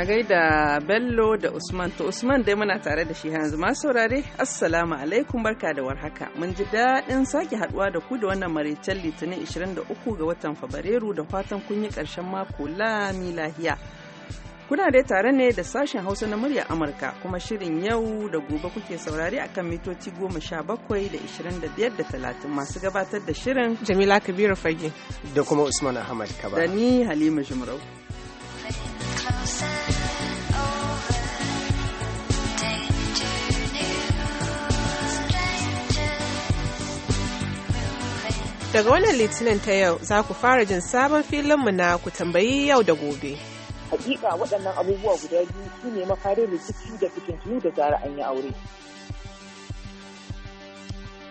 a gaida bello da usman to usman dai muna tare da shi yanzu masu saurare assalamu alaikum barka da warhaka mun ji daɗin sake haduwa da ku da wannan maraicen litinin 23 ga watan fabrairu da fatan kun yi ƙarshen mako lami lahiya kuna dai tare ne da sashen hausa na murya amurka kuma shirin yau da gobe kuke saurare akan mitoci goma sha bakwai da ishirin da biyar da talatin masu gabatar da shirin jamila kabiru fage da kuma usman ahmad kaba da ni halima jimarau Daga wannan litinin ta yau za ku fara jin sabon filinmu na ku tambayi yau da gobe. Hakika waɗannan abubuwa guda biyu su ne mafarin rikici da fitintunu da zara an yi aure.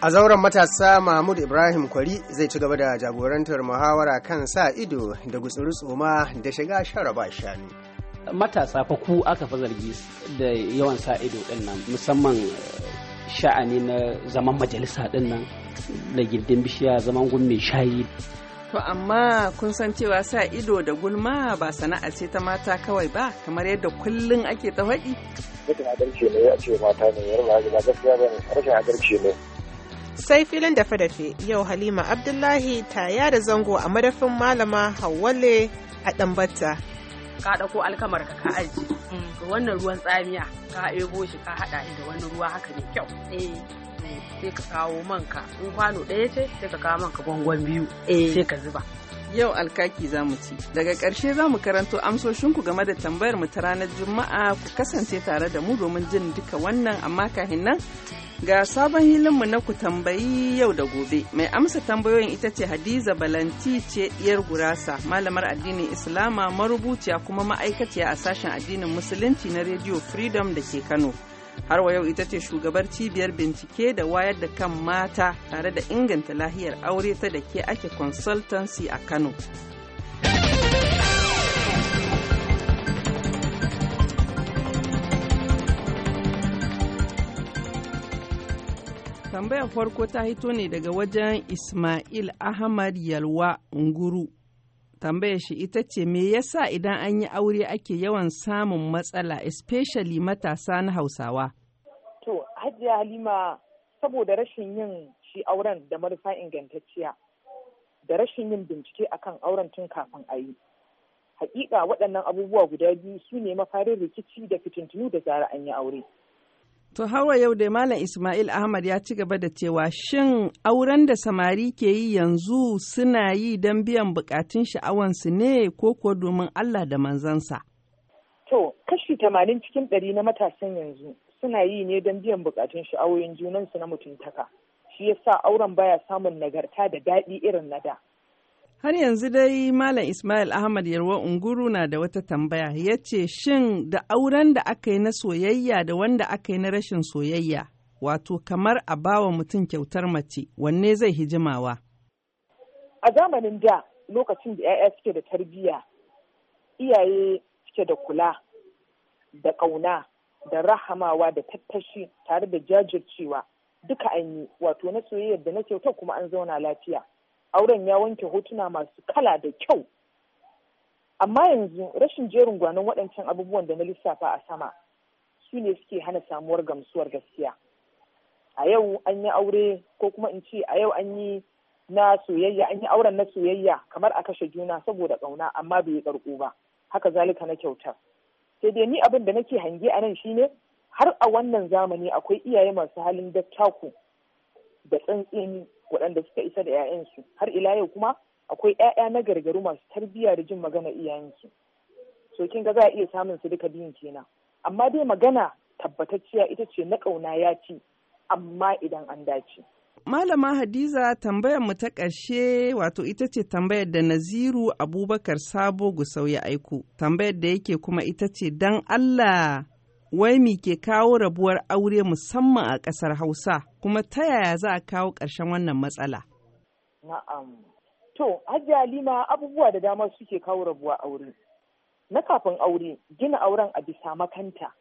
A zauren matasa Mahmud Ibrahim Kwari zai ci gaba da jagorantar muhawara kan sa ido da gutsuri tsoma da shiga shara ba shanu. matasa fa ku aka fi zargi da yawan sa ido din nan musamman eh, sha'ani na zaman majalisa din nan da gindin bishiya zaman gun mai shayi To amma kun san cewa sa ido da gulma ba sana'a ce ta mata kawai ba kamar yadda kullum ake ta faɗi. Sai filin da fadafe yau Halima Abdullahi ta da zango a madafin malama Hawwale a Ɗanbata. ka ɗauko alkamar ka ka aji to wannan ruwan tsamiya ka ebo shi ka haɗa shi da wani ruwa haka ne kyau eh. sai ka kawo manka in kwano ɗaya ce sai ka kawo manka bangon biyu eh. sai ka zuba Yau alkaki za mu ci. Daga ƙarshe za mu karanto amsoshinku game da tambayar mu ta ranar Juma'a ku kasance tare da mu domin jin duka wannan amma kahin nan ga sabon hilinmu na ku tambayi yau da gobe mai amsa tambayoyin ita ce hadiza balanti ce diyar gurasa malamar addinin islama marubuciya kuma ma'aikaciya a sashen addinin musulunci na radio freedom da ke kano har wa yau ita ce shugabar cibiyar bincike da wayar da kan mata tare da inganta lahiyar aure ta da ke ake consultancy a kano tambayar farko ta hito ne daga wajen ismail ahmad yalwa nguru tambaya shi ita ce me yasa idan an yi aure ake yawan samun matsala especially matasa na hausawa to hajiya halima saboda rashin yin shi auren da marasa ingantacciya da rashin yin bincike akan auren tun kafin a yi hakika waɗannan abubuwa guda biyu su ne mafarin rikici da fitintunu da zara an yi aure To hawa yau da Malam Ismail Ahmad ya ci gaba da cewa shin auren da samari ke yi yanzu suna yi don biyan bukatun sha'awansu ne ko kuwa domin Allah da manzansa? To, kashi tamanin cikin ɗari na matasan yanzu suna yi ne don biyan bukatun sha'awoyin junansu na mutuntaka. Shi yasa auren baya samun nagarta da daɗi irin na da. Har yanzu dai Malam Ismail Ahmad Yarwa Unguru na da wata tambaya ya ce shin da auren da aka yi na soyayya da wanda aka yi na rashin soyayya wato kamar a bawa mutum kyautar mace wanne zai hijimawa? A zamanin da lokacin da 'ya'ya suke da tarbiyya iyaye suke da kula da ƙauna da rahamawa da tattashi tare da jajircewa duka an yi wato na soyayya da na kyautar kuma an zauna lafiya. auren ya wanke hotuna masu kala da kyau amma yanzu rashin jerin gwanon waɗancan abubuwan da na lissafa a sama su ne suke hana samuwar gamsuwar gaskiya a yau an yi aure ko kuma in ce a yau an yi na soyayya an yi auren na soyayya kamar a kashe juna saboda ƙauna amma bai yi ƙarƙo ba haka zalika na kyautar sai dai ni abin da nake hange a nan shine har a wannan zamani akwai iyaye masu halin dattaku da tsantseni waɗanda suka isa da 'ya'yansu har ila yau kuma akwai 'ya'ya na gargaru masu tarbiyya da jin magana iyayensu so kin ga za a iya samun su duka biyun kenan amma dai magana tabbatacciya ita ce na ƙauna ya ci amma idan an dace. Malama Hadiza tambayar mu ta ƙarshe wato ita ce tambayar da Naziru Abubakar Sabo Gusau ya aiko. Tambayar da yake kuma ita ce dan Allah wai mi ke kawo rabuwar aure musamman a ƙasar Hausa kuma ta yaya za a kawo ƙarshen wannan matsala? Na'am. To, Hajji abubuwa da dama suke kawo rabuwar aure. Na kafin aure, gina auren a bisa makanta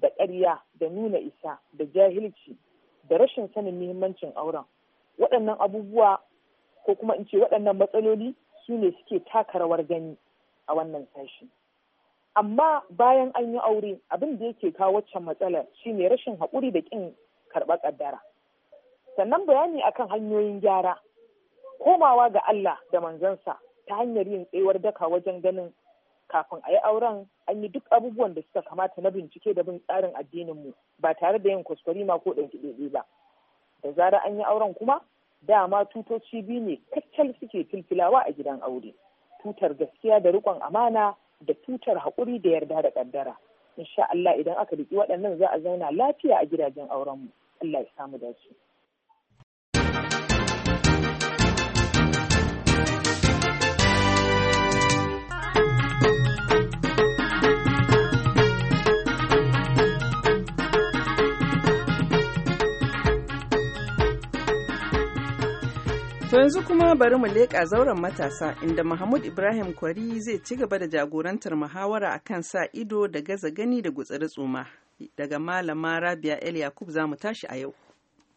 da ƙarya da nuna isa da jahilci da rashin sanin muhimmancin auren. Waɗannan abubuwa ko kuma in ce waɗannan matsaloli su ne suke taka rawar gani a wannan sashi. amma bayan an yi aure abin da yake kawo waccan matsalar shine rashin haƙuri da ƙin karɓar ƙaddara sannan bayani akan hanyoyin gyara komawa ga Allah da manzansa ta hanyar yin tsewar daka wajen ganin kafin a yi auren an yi duk abubuwan da suka kamata na bincike da bin tsarin addininmu ba tare da yin kwaskwarima ko ɗan kiɗeɗe ba da zara an yi auren kuma dama tutoci biyu ne kaccal suke filfilawa a gidan aure tutar gaskiya da riƙon amana da tutar haƙuri da yarda da ƙaddara insha Allah idan aka riƙi waɗannan za a zauna lafiya a gidajen auren mu Allah ya samu dace. To yanzu kuma bari mu leƙa zauren matasa inda Mahmud Ibrahim Kwari zai ci gaba da jagorantar muhawara akan sa ido da gaza gani da gutsiri tsuma. Daga malama Rabia El Yakub za mu tashi a yau.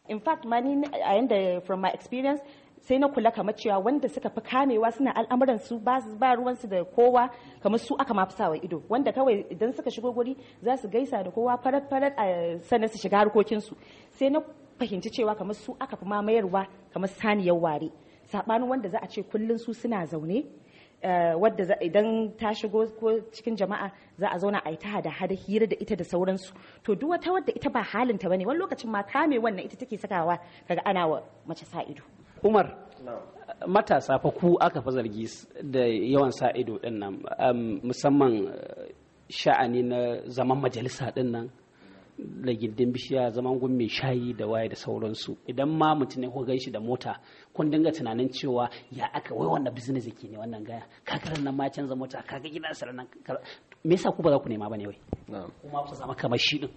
In fact mani a yanda from my experience sai na kula kamar cewa wanda suka fi kamewa suna al'amuran su ba ba su da kowa kamar su aka mafi sawa ido wanda kawai idan suka shigo guri za su gaisa da kowa farat farat a sanar su shiga harkokin sai na fahimci cewa kamar su aka fi mamayarwa kamar saniyar ware saɓanin wanda za a ce kullum su suna zaune eh, wadda idan ta shigo ko cikin jama'a za a zauna a yi ta hada hada hira da ita da sauransu to duk wata wadda ita ba halinta ne wani lokacin ma kame wannan ita take sakawa kaga ana wa mace sa umar matasa fa ku aka fa zargi da yawan sa ido din nan musamman eh, sha'ani na zaman majalisa din nan lagindin bishiya zaman gun mai shayi da waye da sauransu idan ma mutum ne ko gan shi da mota kun dinga tunanin cewa ya aka wai wannan business yake ne wannan gaya kakarar nan ma canza mota kaga gidan sa nan me yasa ku ba za ku nema ne wai kuma ku zama kamar shi din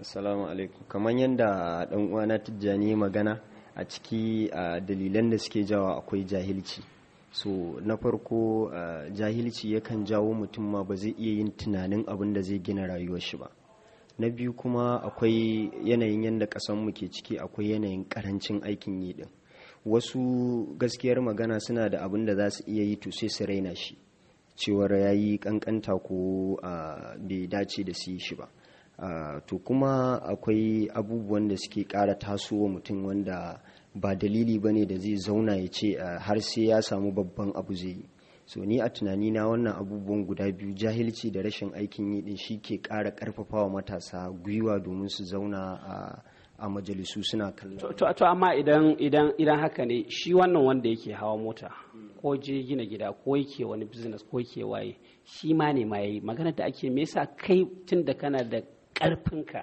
assalamu alaikum kamar yanda dan uwana Tijjani magana a ciki dalilan da suke jawa akwai jahilci so na farko jahilci yakan jawo mutum ma ba zai iya yin tunanin abin da zai gina rayuwar shi ba na biyu kuma akwai yanayin yadda ƙasanmu ke ciki akwai yanayin ƙarancin aikin yi din wasu gaskiyar magana suna da abin da za su iya yi to sai su raina shi cewar ya yi ƙanƙanta ko bai dace da su yi shi ba to kuma akwai abubuwan da suke ƙara tasowa mutum wanda ba dalili ba ne da zai zauna ya ce har sai ya samu babban abu zai yi so ni a tunani na wannan abubuwan guda biyu jahilci da rashin aikin yi din shi ke ƙara ƙarfafawa matasa gwiwa domin su zauna a a majalisu suna kallon to, to, amma idan idan idan haka ne shi wannan wanda yake hawa mota ko je gina gida ko yake wani business ko yake waye shi ma ne ma yayi magana da ake me yasa kai tun da kana da ƙarfinka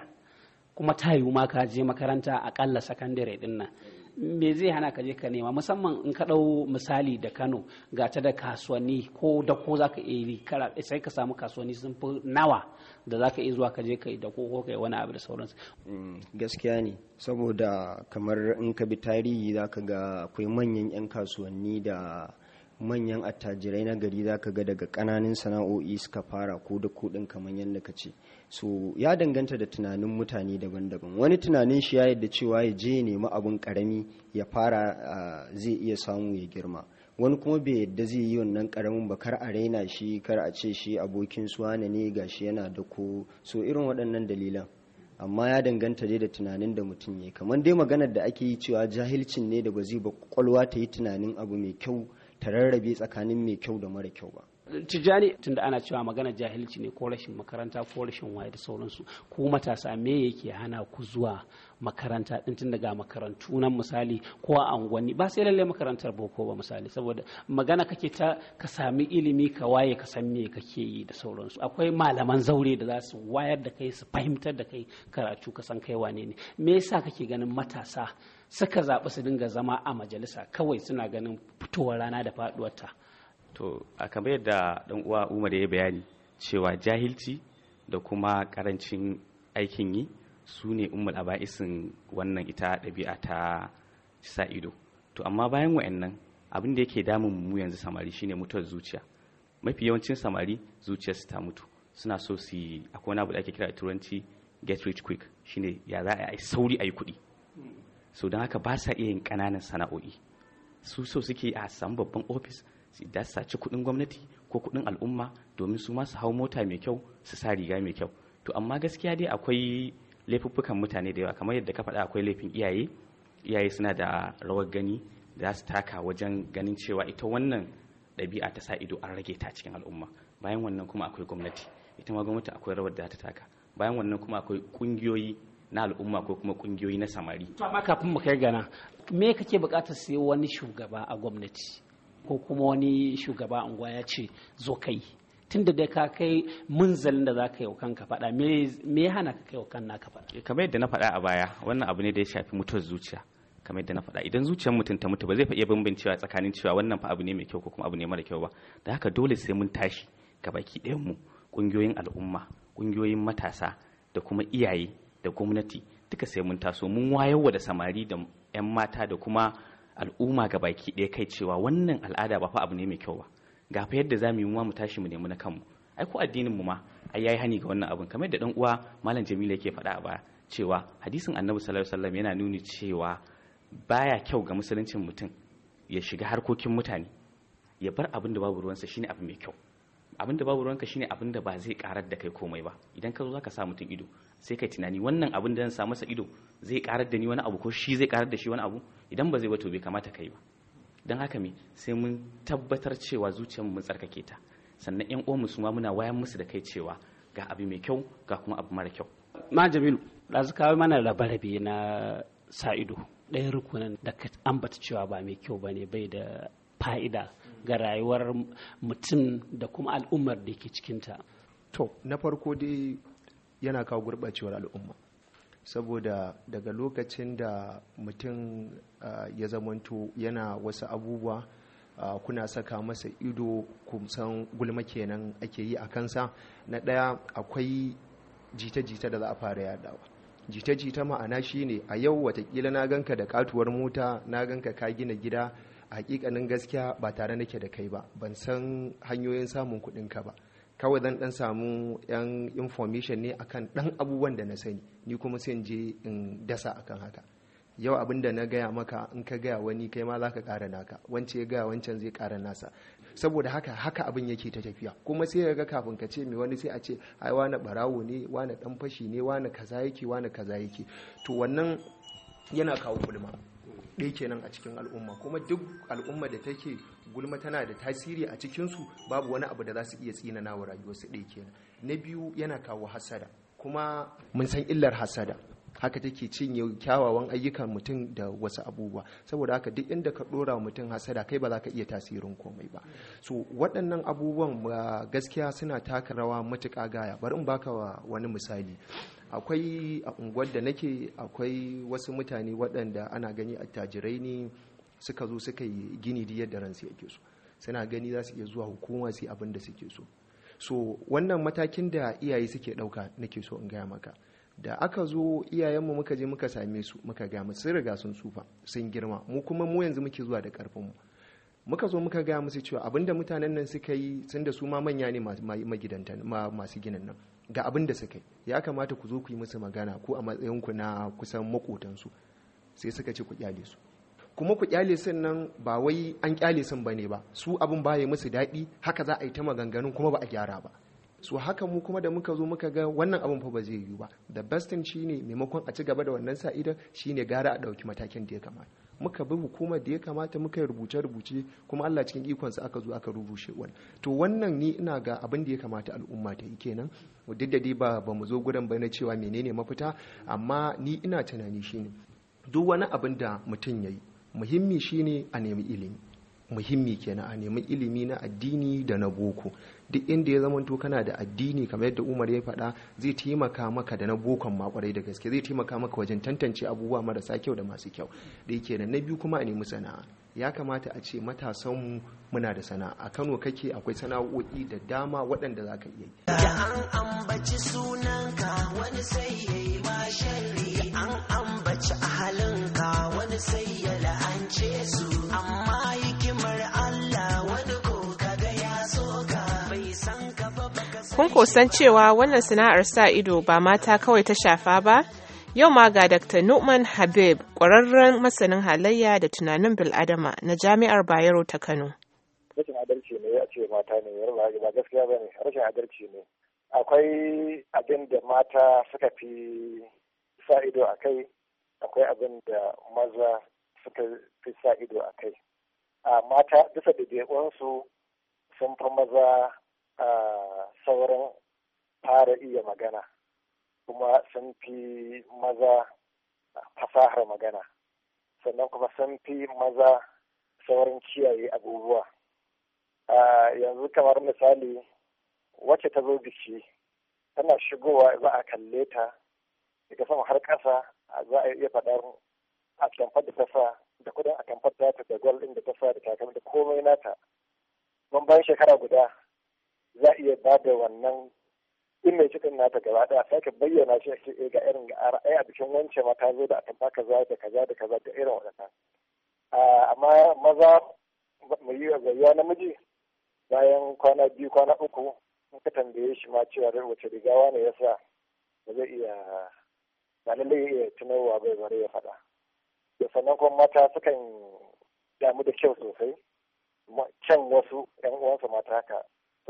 kuma ta yiwu ma ka je makaranta akalla sakandare din nan me zai hana ka je ka nema musamman in ka ɗau misali da kano ga ta da kasuwanni ko da ko za ka iya kara sai ka samu kasuwanni sun fi nawa da za ka iya zuwa ka je ka da ko ka wani abu da sauransu. Mm, gaskiya ne saboda kamar in ka bi tarihi za ga akwai manyan 'yan kasuwanni da manyan attajirai na gari za ga daga kananan sana'o'i suka fara ko da kuɗin kamar yadda ka ce so ya danganta da tunanin mutane daban-daban wani tunanin shi ya yadda cewa ya je nemi abin karami ya fara zai iya samu ya girma wani kuma bai yadda zai yi wannan karamin ba kar a raina shi kar a ce shi abokin suwana ne gashi yana da ko so irin waɗannan dalilan amma ya danganta dai da tunanin da mutum ya kamar dai maganar da ake yi cewa jahilcin ne da ba zai ba kwakwalwa ta yi tunanin abu mai kyau ta rarrabe tsakanin mai kyau da mara kyau ba tijani tunda ana cewa magana jahilci ne ko rashin makaranta ko rashin waye da sauransu ko matasa me yake hana ku zuwa makaranta din tun daga makarantu nan misali ko a unguwanni ba sai lallai makarantar boko ba misali saboda magana kake ta ka sami ilimi ka waye ka san me kake yi da sauransu akwai malaman zaure da za su wayar da kai su fahimtar da kai karatu ka san kai wane ne me yasa kake ganin matasa suka zaɓi su dinga zama a majalisa kawai suna ganin fitowar rana da faɗuwarta to a kamar yadda dan uwa umar ya bayani cewa jahilci da kuma karancin aikin yi su ne a aba'isin wannan ita ɗabi'a ta sa ido to amma bayan wa'annan abin da yake damun mu yanzu samari shine mutuwar zuciya mafi yawancin samari su ta mutu suna so su yi akwai wani abu da ake kira a turanci get rich quick shine ya za a yi sauri a yi kuɗi so don haka ba sa iya yin ƙananan sana'o'i su so suke a samu babban ofis su da su saci kuɗin gwamnati ko kuɗin al'umma domin su ma su hau mota mai kyau su sa riga mai kyau to amma gaskiya dai akwai laifuffukan mutane da yawa kamar yadda ka faɗa akwai laifin iyaye iyaye suna da rawar gani da su taka wajen ganin cewa ita wannan ɗabi'a ta sa ido an rage ta cikin al'umma bayan wannan kuma akwai gwamnati ita ma gwamnati akwai rawar da ta taka bayan wannan kuma akwai kungiyoyi na al'umma ko kuma kungiyoyi na samari. To amma kafin mu kai gana me kake bukatar sai wani shugaba a gwamnati ko kuma wani shugaba unguwa ya ce zo kai tun da ka kai munzalin da za ka yi kanka faɗa me ya hana ka kai kan naka faɗa eh, kamar yadda na faɗa a baya wannan abu ne da ya shafi mutuwar zuciya kamar yadda na faɗa idan zuciyar mutum ta mutu ba zai iya bambancewa tsakanin cewa wannan fa abu ne mai kyau ko kuma abu ne mara kyau ba da haka dole sai mun tashi baki ɗayan mu ƙungiyoyin al'umma ƙungiyoyin matasa da kuma iyaye da gwamnati duka sai mun taso mun wayar wa da samari da 'yan mata da kuma al'umma ga baki ɗaya kai cewa wannan al'ada ba fa abu ne mai kyau ba ga fa yadda zamu yi mu mu tashi mu nemi na kanmu ai ko addinin mu ma ai yayi hani ga wannan abun kamar yadda dan uwa malam Jamilu yake faɗa a baya cewa hadisin Annabi sallallahu alaihi wasallam yana nuni cewa baya kyau ga musuluncin mutum ya shiga harkokin mutane ya bar abin da babu ruwansa shine abu mai kyau abin da babu ruwanka shine abin da ba zai karar da kai komai ba idan ka zo zaka sa mutum ido sai kai tunani wannan abin da zan sa masa ido zai karar da ni wani abu ko shi zai karar da shi wani abu idan ba zai ba to bai kamata kai ba don haka me sai mun tabbatar cewa zuciyar mu tsarkake ta sannan yan uwan su ma muna wayan musu da kai cewa ga abu mai kyau ga kuma abu mara kyau ma jamilu ɗazu kawo mana labarabe na sa ido ɗaya rukunin da ka ambata cewa ba mai kyau bane bai da fa'ida ga rayuwar mutum da kuma al'ummar da ke cikinta to na farko dai yana kawo gurɓacewar al'umma saboda daga lokacin da mutum ya zamanto yana wasu abubuwa kuna saka masa ido kumsan gulma kenan ake yi a kansa na ɗaya akwai jita-jita da za a fara yadawa jita-jita ma'ana shine a yau watakila na ganka da katuwar mota na ganka ka gina gida a hakikanin gaskiya ba tare nake da kai ba ban san hanyoyin samun kuɗinka ba kawai zan dan samu yan information ne akan dan abubuwan da na sani ni kuma sai je in dasa akan haka yau abin da na gaya maka in ka gaya wani kai ma zaka kara naka wance ya gaya wancan zai kara nasa saboda haka haka abin yake ta tafiya kuma sai ga kafin ka ce mai wani sai a ce ai wani barawo ne wani dan fashi ne wani kaza yake wani kaza yake to wannan yana kawo gulma ɗaya kenan a cikin al'umma kuma duk al'umma da take gulma tana da tasiri a cikinsu babu wani abu da za su iya tsinana wa rayuwarsu ɗaya kenan na biyu yana kawo hasada kuma mun san illar hasada haka take cinye kyawawan ayyukan mutum da wasu abubuwa saboda haka duk inda ka dora mutum hasada kai ba za ka iya tasirin komai ba so waɗannan abubuwan gaskiya suna taka rawa matuƙa gaya bari in baka wani misali akwai a unguwar da nake akwai wasu mutane waɗanda ana gani attajirai ne suka zo suka yi gini da yadda ransu yake so suna gani za su iya zuwa hukuma su abin da suke so so wannan matakin da iyaye suke ɗauka nake so in gaya maka da aka zo iyayenmu muka je muka same su muka gaya sun riga sun tsufa sun girma mu kuma mu yanzu muke zuwa da karfin muka zo muka gaya musu cewa abin da mutanen nan suka yi sun da su ma manya ne masu ginin nan ga abin da suka yi ya kamata ku zo ku yi musu magana ko a matsayinku na kusan makotansu sai suka ce ku kyale su kuma ku kyale sun nan ba wai an kyale sun bane ba su abin baya musu daɗi haka za a yi ta maganganun kuma ba a gyara ba su haka mu kuma da muka zo muka ga wannan abin fa ba zai yiwu ba the best thing shine maimakon a ci gaba da wannan sa'idar shine gara a ɗauki matakin da ya kamata muka bi hukumar da ya kamata muka yi rubuce-rubuce kuma Allah cikin ikonsa aka zo aka rubuce wani to wannan ni ina ga abin da ya kamata al'umma ta yi kenan duk da dai ba ba mu zo gurin ba na cewa menene mafita amma ni ina tunani shine duk wani abin da mutum ya yi muhimmi shine a nemi ilimi muhimmi kenan a nemi ilimi na addini da na boko duk inda ya zamanto kana da addini kamar yadda umar ya faɗa zai taimaka maka da na bokon ma kwarai da gaske zai taimaka maka wajen tantance abubuwa marasa kyau da masu kyau da yake na biyu kuma a nemi sana'a ya kamata a ce matasan mu muna da sana'a a kano kake akwai sana'o'i da dama waɗanda za ka iya yi da an ambaci sunanka wani sai yayi yi an ambaci ahalinka wani sai ya la'ance su amma hikimar kun kusan cewa wannan sana'ar sa ido ba mata kawai ta shafa ba yau ma ga dr numan habib ƙwararren masanin halayya da tunanin bil'adama na jami'ar bayero ta kano rashin adalci ne ya mata ne ba gaskiya ba rashin adalci ne akwai abin da mata suka fi sa ido a kai akwai abin da maza suka fi sa ido a kai a mata bisa da sun fi maza sauran fara iya magana kuma sun fi maza fasahar magana sannan kuma sun fi maza saurin kiyaye abubuwa yanzu kamar misali wacce ta zo biki tana shigowa za a kalle ta daga sama har ƙasa za a iya faɗar atamfar da ta da kudin atamfar da ta da gwal ɗin da ta sa da takalmi da komai nata mun bayan shekara guda za iya ba da wannan in mai cikin nata gaba daya sake bayyana shi ake eh, ga irin ra'ayi a bikin wance ma ta zo da baka za, da kaza da kaza da irin waɗannan amma maza mu yi gayya namiji bayan kwana biyu kwana uku in ka tambaye shi ma cewa wace rigawa ne yasa ba zai iya ba lallai iya tunarwa bai bare ya faɗa da sannan kuma mata sukan damu da kyau sosai kyan wasu 'yan uwansu mata haka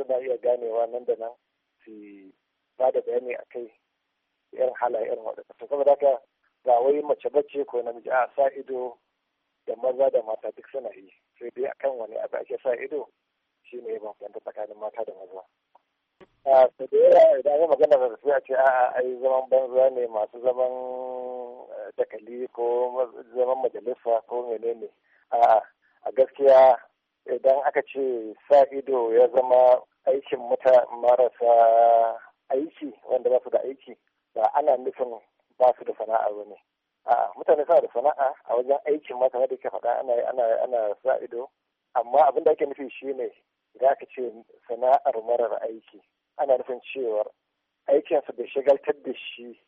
suna iya ganewa nan da nan su ba da bayani a kai yan halaye yan waɗanda to saboda haka ga wai mace bace ko namiji a sa ido da maza da mata duk suna yi sai dai akan wani abu ake sa ido shi ne bambanta tsakanin mata da maza. a da yawa idan ya magana da sai a ce a ai zaman banza ne masu zaman dakali eh, ko zaman majalisa ko menene a gaskiya idan aka ce sa ido ya zama aikin mata marasa aiki wanda ba su da aiki ba ana nufin ba su da sana'a ba ne A'a, mutane suna da sana'a a wajen aikin mata kamar da ke faɗa ana ana ana sa ido amma abin da ake nufi shi ne idan aka ce sana'ar marar aiki ana nufin cewar aikinsa bai shagaltar da shi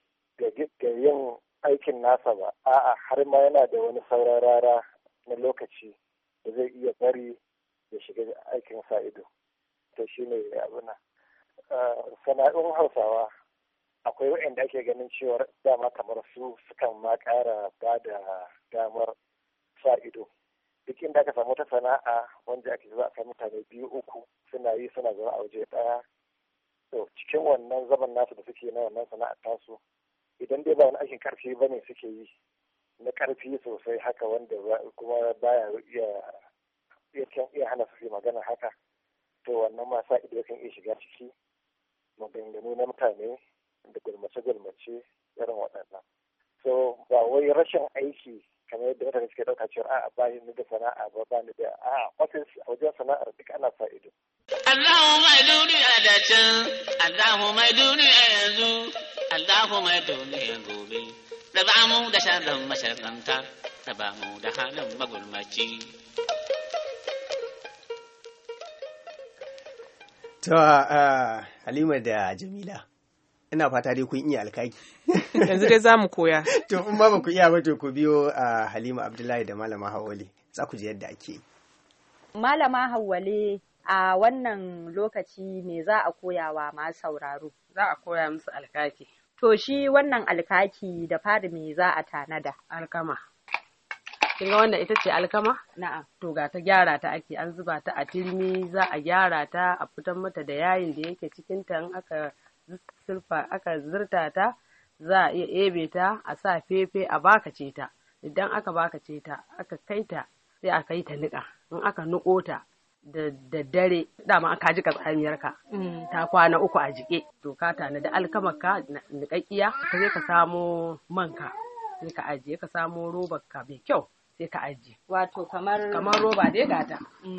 ga yin aikin nasa ba a'a har ma yana da wani sauran rara na lokaci da zai iya bari ya shiga aikin sa ido to shi ne abuna eh, sana'un hausawa akwai wa'anda ake ganin cewar dama kamar su sukan ma kara ba da damar sa ido duk inda aka samu ta sana'a wanda ake za a mutane biyu uku suna yi suna zama a waje daya to cikin wannan zaman nasu da suke na wannan sana'a tasu idan dai ba wani aikin karfi ba ne suke yi na karfi sosai haka wanda kuma baya iya iya hana su magana haka to wannan ma sa ido kan iya shiga ciki maganganu na mutane da gulmace-gulmace irin waɗannan so ba wai rashin aiki kamar yadda mutane suke ɗauka cewa a'a ba ni da sana'a ba ba ni da a'a ofis a wajen sana'ar duk ana sa ido. Allahu mai duniya da can, Allahu mai duniya yanzu, Allahu mai duniya gobe, da ba mu da sharrin masharranta, da ba mu da halin magulmaci. To, eh, Halima da Jamila, ina fata dai kun iya alkaki. Yanzu dai za mu koya. To, in ba ku iya ba ku biyo eh, Halima Abdullahi da Malama Hawali, za ku ji yadda ake. Malama Hawale a wannan lokaci ne za a koya wa masu sauraro? Za a koya musu alkaki. To, shi wannan alkaki da fari me za a tanada? Alkama. kin ga wannan ita ce alkama na'am to ga ta gyara ta ake an zuba ta a tirmi za a gyara ta a fitar mata da yayin da yake cikin ta in aka sulfa aka zurta ta za a iya ebe ta a sa fefe a ce ta idan aka ce ta aka kai ta sai a kai ta nika in aka niko ta da daddare dama aka ji katsaniyar ka mm. ta kwana uku a jike to ka tana da alkamar ka niƙaƙƙiya ka je ka samo manka ka ajiye ka samo robar ka mai kyau sai ka ajiye. Wato kamar? Kamar roba dai gata. Mm.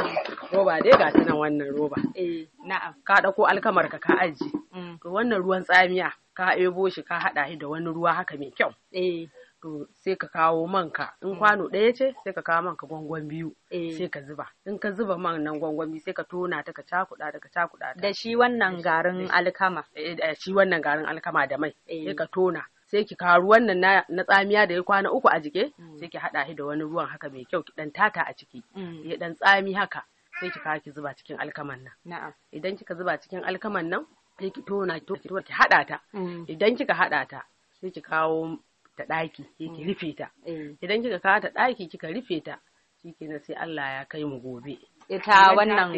Roba dai gata nan wannan roba. Eh, na'am. Ka ɗauko alkamar ka ka ajiye. Mm. To wannan ruwan tsamiya ka ebo shi ka haɗa shi da wani ruwa haka mai kyau. Eh. To sai ka kawo manka in mm. kwano ɗaya ce sai ka kawo manka gwangwan biyu eh. sai ka zuba in ka zuba man nan gwangwan biyu sai ka tona ta ka cakuɗa ta ka cakuɗa ta da shi wannan garin eh. alkama eh, da shi wannan garin alkama da mai sai ka tona sai ki karu wannan na, na tsamiya da ya kwana uku a jike mm. sai ki haɗa shi da wani ruwan haka mai kyau ki ɗan tata a ciki mm. ya ɗan tsami haka sai ki kawo ki zuba cikin alkaman nan idan kika zuba cikin alkaman nan sai ki tona ki tona ki haɗa ta mm. idan kika haɗa ta sai ki kawo ta ɗaki sai ki rufe ta eh. idan kika kawo ta ɗaki kika rufe ta shikenan sai Allah ya kai mu gobe ita wannan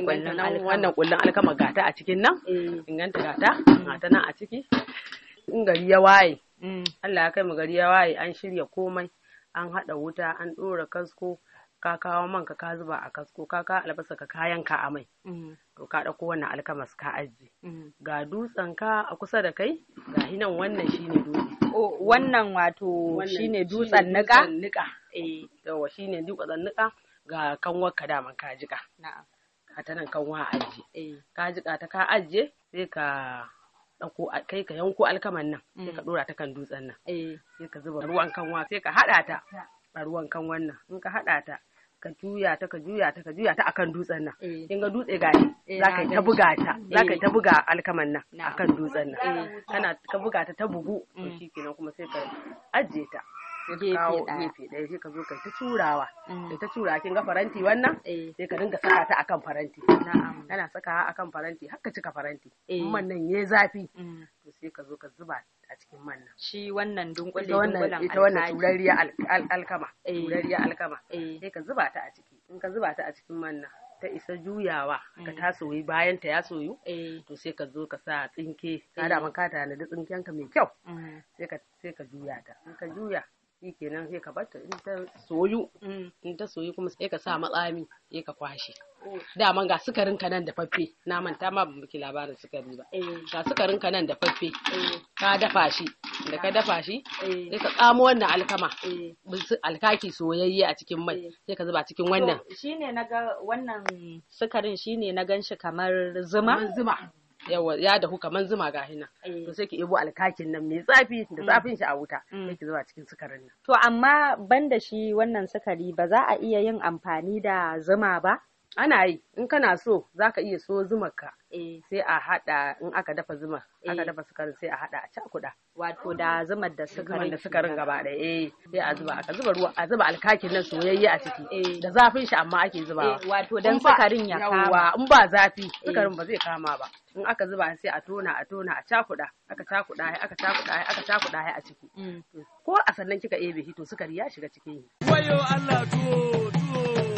wannan kullun alkama gata a cikin nan eh. inganta gata gata nan a ciki in gari ya waye Allah ya kai mu gari ya waye an shirya komai an haɗa wuta an ɗora kasko ka kawo man ka ka zuba a kasko ka ka albasa ka kayan ka a mai mm-hmm. to ka ɗauko wannan alkamas ka aji. Mm-hmm. ga dutsen ka a kusa da kai ga hinan wannan shine dutse wannan wato shine dutsen nika nika eh to shine dutsen nika ga kanwar ka da man ka jika na'am ka ta nan kanwa a eh ka jika ta ka aje sai ka ɗauko kai ka yanko alkaman nan sai ka mm. ɗora ta kan dutsen nan eh. sai ka zuba ruwan kanwa sai ka haɗa ta a ruwan kanwan nan in ka haɗa ta ka juya ta ka juya ta ka juya ta akan dutsen nan eh. in ga dutse gani eh, za ka yi ta buga ta za ka yi ta buga alkaman nan akan dutsen nan kana ka buga ta ta bugu to mm. shikenan kuma sai ka ajiye ta sai ka kawo gefe ɗaya sai ka zo kai ta turawa mm. kai ta turawa kin ga faranti wannan eh. sai ka dinga saka ta akan faranti kana saka akan faranti haka cika faranti eh. man nan yayi zafi mm. to sai ka zo ka zuba a cikin man shi wannan dunkule dunkulen ita wannan turariya alkama eh. turariya alkama sai ka zuba ta a ciki in ka zuba ta a cikin man ta isa juyawa ka mm. ta soyi bayan ta ya soyu to sai ka zo ka sa tsinke ka da man ka da tsinken ka mai kyau sai ka sai ka juya ta in ka juya shi kenan sai ka batta in ta soyu mm. in ta soyu kuma sai ka sa mm. matsami sai ka kwashe mm. daman ga sukarin ka nan da faffe na manta ma ban miki labarin sukari ba eh. ga sukarin ka nan da faffe eh. ka dafa shi da ka dafa shi eh. sai ka tsamo wannan alkama alkaki soyayye a cikin mai sai ka zuba cikin wannan shine naga wannan sukarin shine na ganshi kamar zuma zuma yawa ya dahu kaman zuma ga hina eh. to sai ki ebo alkakin nan mai tsafi da tsafin mm. shi a wuta mm. sai ki zuba cikin sukarin nan to amma banda shi wannan sukari ba za a iya yin amfani da zuma ba ana yi in kana so za ka iya so zuma ka eh. sai a hada in aka dafa zuma, aka eh. dafa sukarin sai a hada a cakuda wato da zuma da sukarin da sukarin gaba da eh sai a zuba aka zuba ruwa a zuba alkakin nan soyayye a ciki eh. da zafin shi amma ake zuba wato dan sukarin ya kama in ba zafi sukarin ba zai kama ba in aka zuba sai a tona a tona a cakuda aka cakuda aka cakuda aka cakuda a ciki mm. ko a sannan kika ebe hito sukari ya shiga cikin wayo Allah tuwo tuwo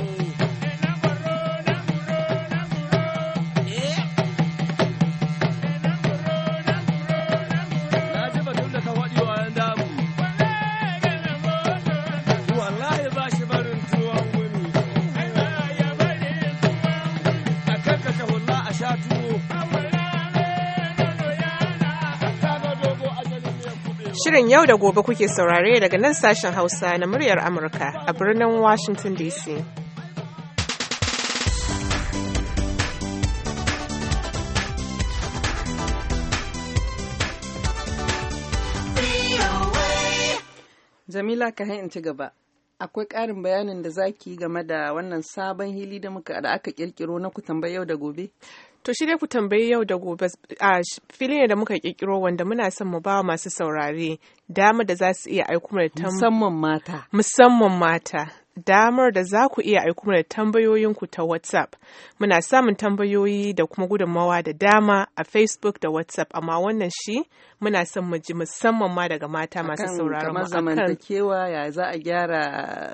Shirin yau da gobe kuke saurare daga nan sashen Hausa na muryar Amurka a birnin Washington DC. Jamila ka in ci gaba. Akwai ƙarin bayanin da zaki game da wannan sabon hili da muka da aka kirkiro na ku yau da gobe? To shi dai ku tambayi yau da gobe a filin da muka kirkiro wanda muna son mu ba masu saurare dama da za su iya aiko mana musamman Musamman mata. damar da za ku iya aiko mana tambayoyinku ta WhatsApp. Muna samun tambayoyi da kuma gudunmawa da dama a Facebook da WhatsApp, amma wannan shi muna son mu ji musamman ma daga mata masu sauraron mu. Kamar zamantakewa ya za a gyara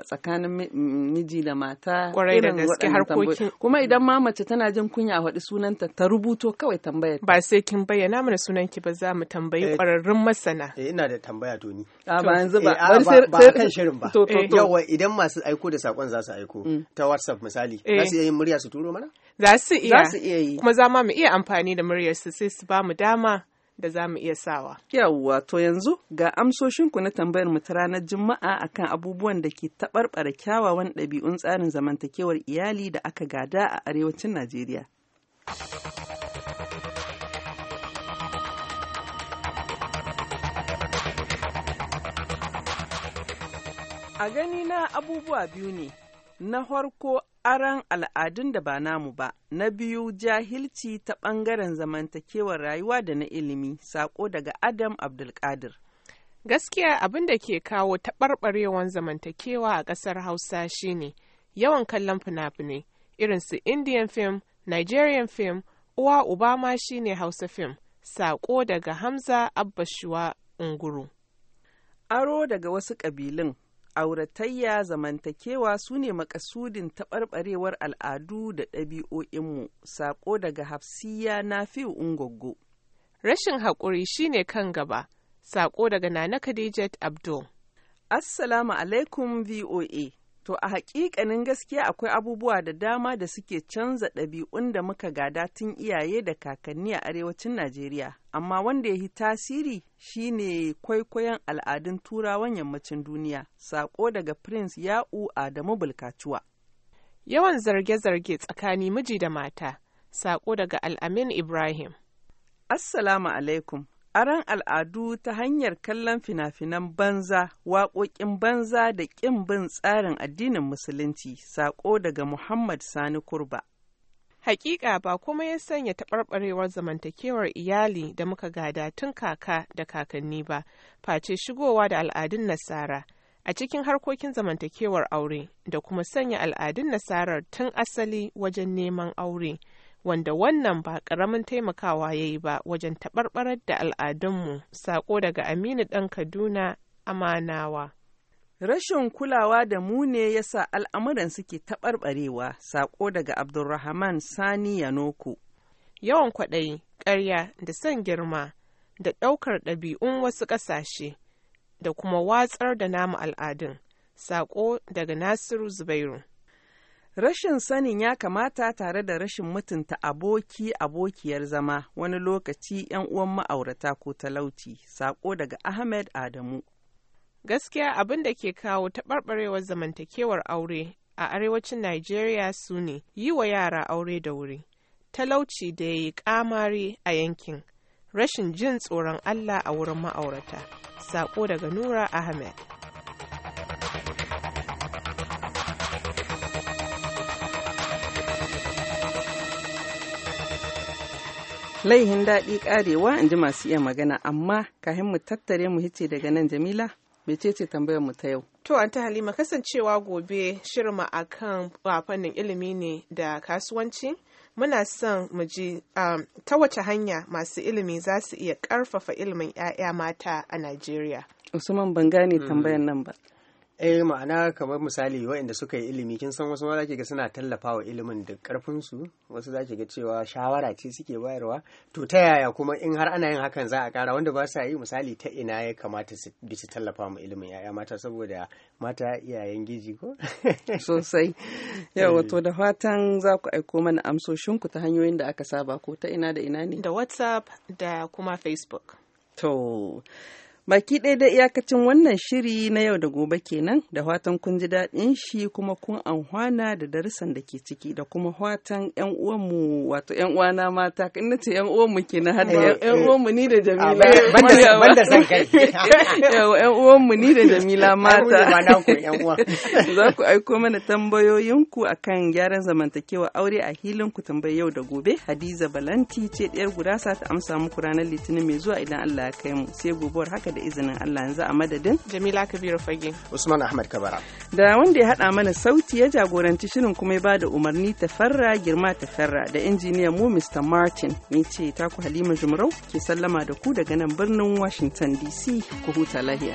tsakanin miji da mata. Kwarai da gaske harkokin. Kuma idan ma mace tana jin kunya a sunanta ta rubuto kawai tambayar. Ba sai kin bayyana mana sunan ki ba za mu tambayi kwararrun eh. masana. Eh, ina da tambaya to ni. Ah, ba yanzu ba. Eh, ba kan shirin ba. To Yawa idan masu aiko da sakon za su aiko mm. ta WhatsApp misali eh. za su iya yin murya su turo mana za su iya yi kuma za mu iya amfani da muryar su sai su ba mu dama da za mu iya sawa. Yawwa to yanzu ga amsoshinku na tambayar mu ta ranar Juma'a akan abubuwan da ke taɓarɓara kyawawan ɗabi'un tsarin zamantakewar iyali da aka gada a arewacin Najeriya. A gani na abubuwa biyu ne, na farko aran al'adun da ba namu ba, na biyu jahilci ta ɓangaren zamantakewar rayuwa da na ilimi, sako daga Adam Abdulkadir. Gaskiya abin da ke kawo taɓarɓarewan zamantakewa a ƙasar Hausa shine yawan kallon fina-finai, irin su Indian film, Nigerian film, uwa uba ma shine Hausa film, sako daga Hamza Abbashuwa Unguru. Aro daga wasu ƙabilun auratayya zamantakewa su ne makasudin taɓarɓarewar al'adu da ɗabi'o'inmu saƙo daga hafsiya na fi ungogo rashin haƙuri shine kan gaba saƙo daga nana khadijat abdul assalamu alaikum voa to a haƙiƙanin gaskiya akwai abubuwa da dama da suke canza ɗabi'un da muka gada tun iyaye da kakanni a arewacin najeriya amma wanda ya yi tasiri shine kwaikwayon al'adun turawan yammacin duniya sako daga prince ya'u adamu bulkatuwa yawan zarge-zarge tsakanin miji da mata sako daga al'amin ibrahim assalamu alaikum aran al'adu ta hanyar kallon fina-finan banza waƙoƙin banza da ƙin bin tsarin addinin musulunci sako daga muhammad sani kurba Hakika ba kuma ya sanya taɓarɓarewar zamantakewar iyali da muka gada tun kaka da kakanni ba, face shigowa da al'adun nasara a cikin harkokin zamantakewar aure da kuma sanya al'adun nasarar tun asali wajen neman aure. wanda wannan ba ƙaramin taimakawa ya yi ba wajen taɓarɓarar da al'adunmu, sako daga Aminu ɗan Kaduna, Amanawa. Rashin kulawa da mu ne ya sa al'amuran suke taɓarɓarewa, saƙo daga Abdulrahman Sani Yanoko. Yawan kwaɗayi, ƙarya da son girma, da ɗaukar ɗabi'un wasu ƙasashe, da kuma watsar da namu al'adun, saƙo daga Nasiru Zubairu. Rashin sanin ya kamata tare da rashin mutunta aboki abokiyar zama wani lokaci 'yan uwan ma'aurata ko talauci, saƙo daga Ahmed Adamu. Gaskiya abin da ke kawo taɓarɓarewar zamantakewar aure a arewacin Najeriya su ne yi wa yara aure da wuri, talauci da ya yi ƙamari a yankin, rashin jin tsoron Allah a wurin ma'aurata. saƙo daga Nura Ahmed. Laihin daɗi ƙarewa in ji masu iya magana, amma kahin mu tattare mu hice daga nan Jamila mecece tambayar mu ta yau to an ta halima kasancewa gobe shirma akan fannin ilimi ne da kasuwanci muna son mu ji ta wace hanya masu ilimi za su iya karfafa ilimin 'ya'ya mata a Najeriya. Usman ban gane tambayan mm-hmm. nan ba. eh ma'ana kamar misali waɗanda suka yi ilimi kin san wasu ma ga suna tallafawa ilimin da karfin su wasu za ga cewa shawara ce suke bayarwa to ta yaya kuma in har ana yin hakan za a kara wanda ba sa yi misali ta ina ya kamata su bi su tallafa mu ilimin yaya mata saboda mata iyayen giji ko sosai yawa to eh. da fatan za ku aiko mana amsoshinku ta hanyoyin da aka saba ko ta ina da ina ne da whatsapp da kuma facebook to Baki ɗaya da iyakacin wannan shiri na yau da gobe kenan da watan kun ji daɗin shi kuma kun anhwana da darussan da ke ciki da kuma watan ƴan uwanmu wato ƴan uwana mata in nace ƴan uwanmu kenan har da ƴan uwanmu ni da Jamila banda san kai ƴan uwanmu ni da Jamila mata za ku aiko mana tambayoyinku akan gyaran zamantakewa aure a hilin ku tambayi yau da gobe Hadiza Balanti ce ɗiyar gurasa ta amsa muku ranar Litinin mai zuwa idan Allah ya kai mu sai gobe haka da izinin Allah yanzu a madadin Jamila Kabiru Fage Usman Ahmad Kabara da wanda ya hada mana sauti ya jagoranci shirin kuma ya ba da umarni ta farra girma ta farra da injiniya mu Mr Martin ni ce taku Halima Jumrau ke sallama da ku daga nan birnin Washington DC ku huta lahiya